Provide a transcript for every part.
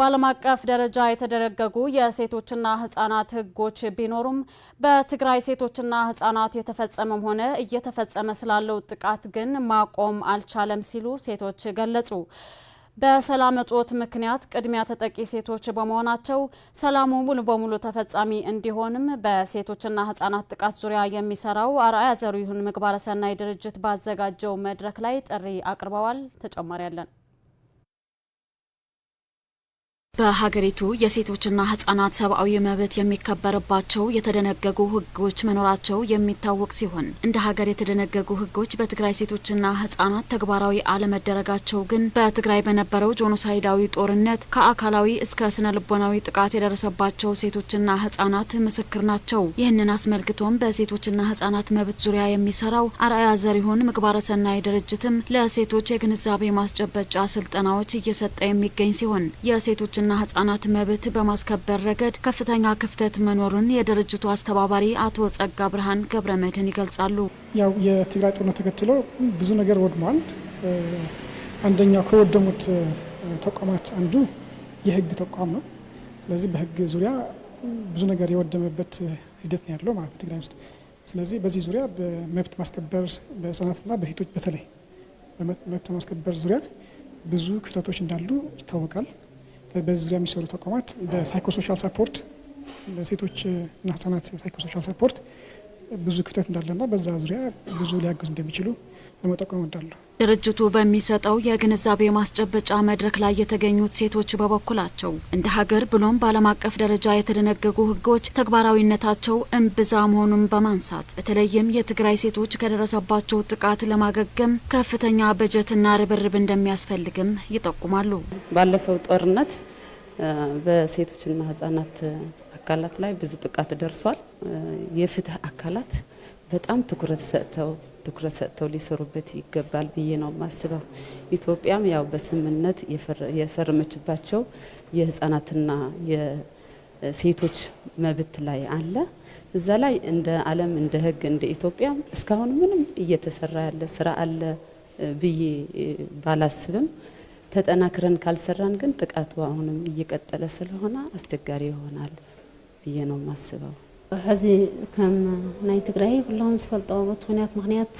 በዓለም አቀፍ ደረጃ የተደነገጉ የሴቶችና ህጻናት ህጎች ቢኖሩም በትግራይ ሴቶችና ህጻናት የተፈጸመም ሆነ እየተፈጸመ ስላለው ጥቃት ግን ማቆም አልቻለም ሲሉ ሴቶች ገለጹ። በሰላም እጦት ምክንያት ቅድሚያ ተጠቂ ሴቶች በመሆናቸው ሰላሙ ሙሉ በሙሉ ተፈጻሚ እንዲሆንም በሴቶችና ህጻናት ጥቃት ዙሪያ የሚሰራው አርአያ ዘሪሁን ምግባረ ሰናይ ድርጅት ባዘጋጀው መድረክ ላይ ጥሪ አቅርበዋል። ተጨማሪ ያለን በሀገሪቱ የሴቶችና ህጻናት ሰብአዊ መብት የሚከበርባቸው የተደነገጉ ህጎች መኖራቸው የሚታወቅ ሲሆን እንደ ሀገር የተደነገጉ ህጎች በትግራይ ሴቶችና ህጻናት ተግባራዊ አለመደረጋቸው ግን በትግራይ በነበረው ጆኖሳይዳዊ ጦርነት ከአካላዊ እስከ ስነ ልቦናዊ ጥቃት የደረሰባቸው ሴቶችና ህጻናት ምስክር ናቸው። ይህንን አስመልክቶም በሴቶችና ህጻናት መብት ዙሪያ የሚሰራው አርአያ ዘሪሁን ምግባረ ሰናይ ድርጅትም ለሴቶች የግንዛቤ ማስጨበጫ ስልጠናዎች እየሰጠ የሚገኝ ሲሆን የሴቶች ሴቶችና ህጻናት መብት በማስከበር ረገድ ከፍተኛ ክፍተት መኖሩን የድርጅቱ አስተባባሪ አቶ ጸጋ ብርሃን ገብረ መድህን ይገልጻሉ። ያው የትግራይ ጦርነት ተከትሎ ብዙ ነገር ወድሟል። አንደኛው ከወደሙት ተቋማት አንዱ የህግ ተቋም ነው። ስለዚህ በህግ ዙሪያ ብዙ ነገር የወደመበት ሂደት ነው ያለው ማለት ትግራይ ውስጥ። ስለዚህ በዚህ ዙሪያ በመብት ማስከበር በህጻናትና በሴቶች በተለይ በመብት ማስከበር ዙሪያ ብዙ ክፍተቶች እንዳሉ ይታወቃል። በዚህ ዙሪያ የሚሰሩ ተቋማት በሳይኮሶሻል ሰፖርት በሴቶችና ህጻናት ሳይኮሶሻል ሰፖርት ብዙ ክፍተት እንዳለና በዛ ዙሪያ ብዙ ሊያግዙ እንደሚችሉ ለመጠቆም እወዳለሁ። ድርጅቱ በሚሰጠው የግንዛቤ ማስጨበጫ መድረክ ላይ የተገኙት ሴቶች በበኩላቸው እንደ ሀገር ብሎም በዓለም አቀፍ ደረጃ የተደነገጉ ሕጎች ተግባራዊነታቸው እምብዛ መሆኑን በማንሳት በተለይም የትግራይ ሴቶች ከደረሰባቸው ጥቃት ለማገገም ከፍተኛ በጀትና ርብርብ እንደሚያስፈልግም ይጠቁማሉ። ባለፈው ጦርነት በሴቶችና ሕጻናት አካላት ላይ ብዙ ጥቃት ደርሷል። የፍትህ አካላት በጣም ትኩረት ሰጥተው ትኩረት ሰጥተው ሊሰሩበት ይገባል ብዬ ነው ማስበው። ኢትዮጵያም ያው በስምምነት የፈረመችባቸው የህፃናትና የሴቶች መብት ላይ አለ። እዛ ላይ እንደ ዓለም እንደ ህግ እንደ ኢትዮጵያ እስካሁን ምንም እየተሰራ ያለ ስራ አለ ብዬ ባላስብም ተጠናክረን ካልሰራን ግን ጥቃቱ አሁንም እየቀጠለ ስለሆነ አስቸጋሪ ይሆናል። ብዬ ነው የማስበው ሕዚ ከም ናይ ትግራይ ኩላውን ዝፈልጦ በቲ ኩናት ምክንያት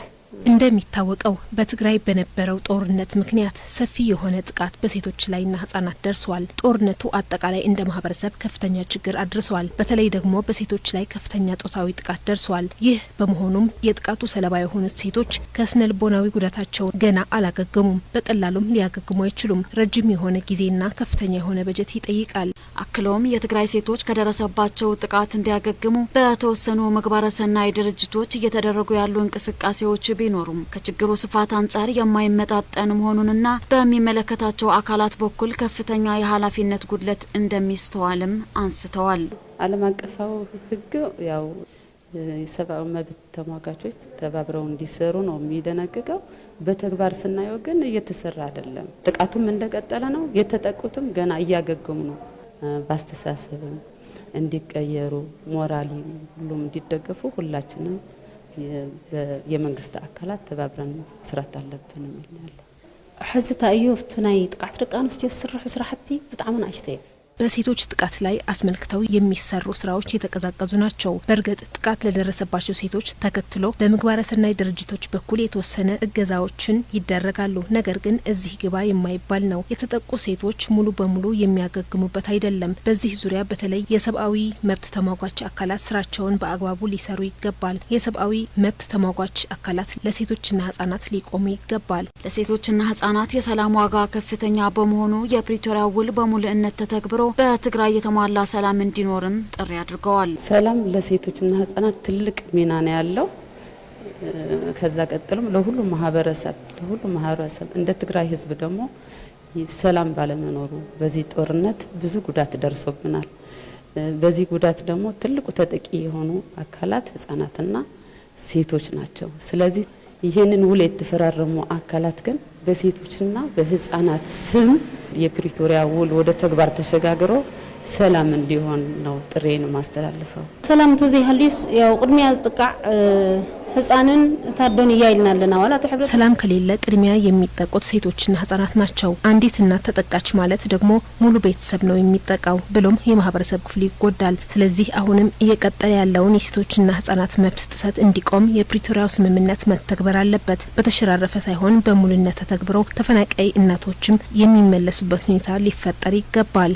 እንደሚታወቀው በትግራይ በነበረው ጦርነት ምክንያት ሰፊ የሆነ ጥቃት በሴቶች ላይና ህጻናት ደርሰዋል። ጦርነቱ አጠቃላይ እንደ ማህበረሰብ ከፍተኛ ችግር አድርሷል። በተለይ ደግሞ በሴቶች ላይ ከፍተኛ ጾታዊ ጥቃት ደርሷል። ይህ በመሆኑም የጥቃቱ ሰለባ የሆኑት ሴቶች ከስነ ልቦናዊ ጉዳታቸውን ገና አላገገሙም። በቀላሉም ሊያገግሙ አይችሉም። ረጅም የሆነ ጊዜና ከፍተኛ የሆነ በጀት ይጠይቃል። አክለውም የትግራይ ሴቶች ከደረሰባቸው ጥቃት እንዲያገግሙ በተወሰኑ ምግባረ ሰናይ ድርጅቶች እየተደረጉ ያሉ እንቅስቃሴዎች ቢኖሩም ከችግሩ ስፋት አንጻር የማይመጣጠን መሆኑንና በሚመለከታቸው አካላት በኩል ከፍተኛ የኃላፊነት ጉድለት እንደሚስተዋልም አንስተዋል። ዓለም አቀፋዊ ሕግ ያው የሰብአዊ መብት ተሟጋቾች ተባብረው እንዲሰሩ ነው የሚደነግገው። በተግባር ስናየው ግን እየተሰራ አይደለም። ጥቃቱም እንደቀጠለ ነው። የተጠቁትም ገና እያገገሙ ነው። በአስተሳሰብም እንዲቀየሩ ሞራሊ ሁሉም እንዲደገፉ ሁላችንም የመንግስት አካላት ተባብረን መስራት አለብን የሚል ሕዚ እንታይ እዩ ኣብቲ ናይ ጥቃዕቲ ደቂ ኣንስትዮ ዝስርሑ ስራሕቲ ብጣዕሚ ንኣሽቶ እዮም በሴቶች ጥቃት ላይ አስመልክተው የሚሰሩ ስራዎች የተቀዛቀዙ ናቸው። በእርግጥ ጥቃት ለደረሰባቸው ሴቶች ተከትሎ በምግባረ ሰናይ ድርጅቶች በኩል የተወሰነ እገዛዎችን ይደረጋሉ። ነገር ግን እዚህ ግባ የማይባል ነው። የተጠቁ ሴቶች ሙሉ በሙሉ የሚያገግሙበት አይደለም። በዚህ ዙሪያ በተለይ የሰብአዊ መብት ተሟጓች አካላት ስራቸውን በአግባቡ ሊሰሩ ይገባል። የሰብአዊ መብት ተሟጓች አካላት ለሴቶችና ህጻናት ሊቆሙ ይገባል። ለሴቶችና ህጻናት የሰላም ዋጋ ከፍተኛ በመሆኑ የፕሪቶሪያ ውል በሙልእነት ተተግብሮ በትግራይ የተሟላ ሰላም እንዲኖርም ጥሪ አድርገዋል። ሰላም ለሴቶችና ህጻናት ትልቅ ሚና ነው ያለው። ከዛ ቀጥሎም ለሁሉም ማህበረሰብ ለሁሉም ማህበረሰብ እንደ ትግራይ ህዝብ ደግሞ ሰላም ባለመኖሩ በዚህ ጦርነት ብዙ ጉዳት ደርሶብናል። በዚህ ጉዳት ደግሞ ትልቁ ተጠቂ የሆኑ አካላት ህጻናትና ሴቶች ናቸው። ስለዚህ ይህንን ውል የተፈራረሙ አካላት ግን በሴቶችና በህፃናት ስም የፕሪቶሪያ ውል ወደ ተግባር ተሸጋግሮ ሰላም እንዲሆን ነው ጥሬን ማስተላልፈው። ሰላም ተዘይሃልዩስ ያው ቅድሚያ ዝጥቃዕ ህፃንን ታዶን እያ ይልና ኣለና ዋላ ሰላም ከሌለ ቅድሚያ የሚጠቁት ሴቶችና ህጻናት ናቸው። አንዲት እናት ተጠቃች ማለት ደግሞ ሙሉ ቤተሰብ ነው የሚጠቃው፣ ብሎም የማህበረሰብ ክፍል ይጎዳል። ስለዚህ አሁንም እየቀጠለ ያለውን የሴቶችና ህጻናት መብት ጥሰት እንዲቆም የፕሪቶሪያው ስምምነት መተግበር አለበት። በተሸራረፈ ሳይሆን በሙሉነት ተተግብሮ ተፈናቃይ እናቶችም የሚመለሱበት ሁኔታ ሊፈጠር ይገባል።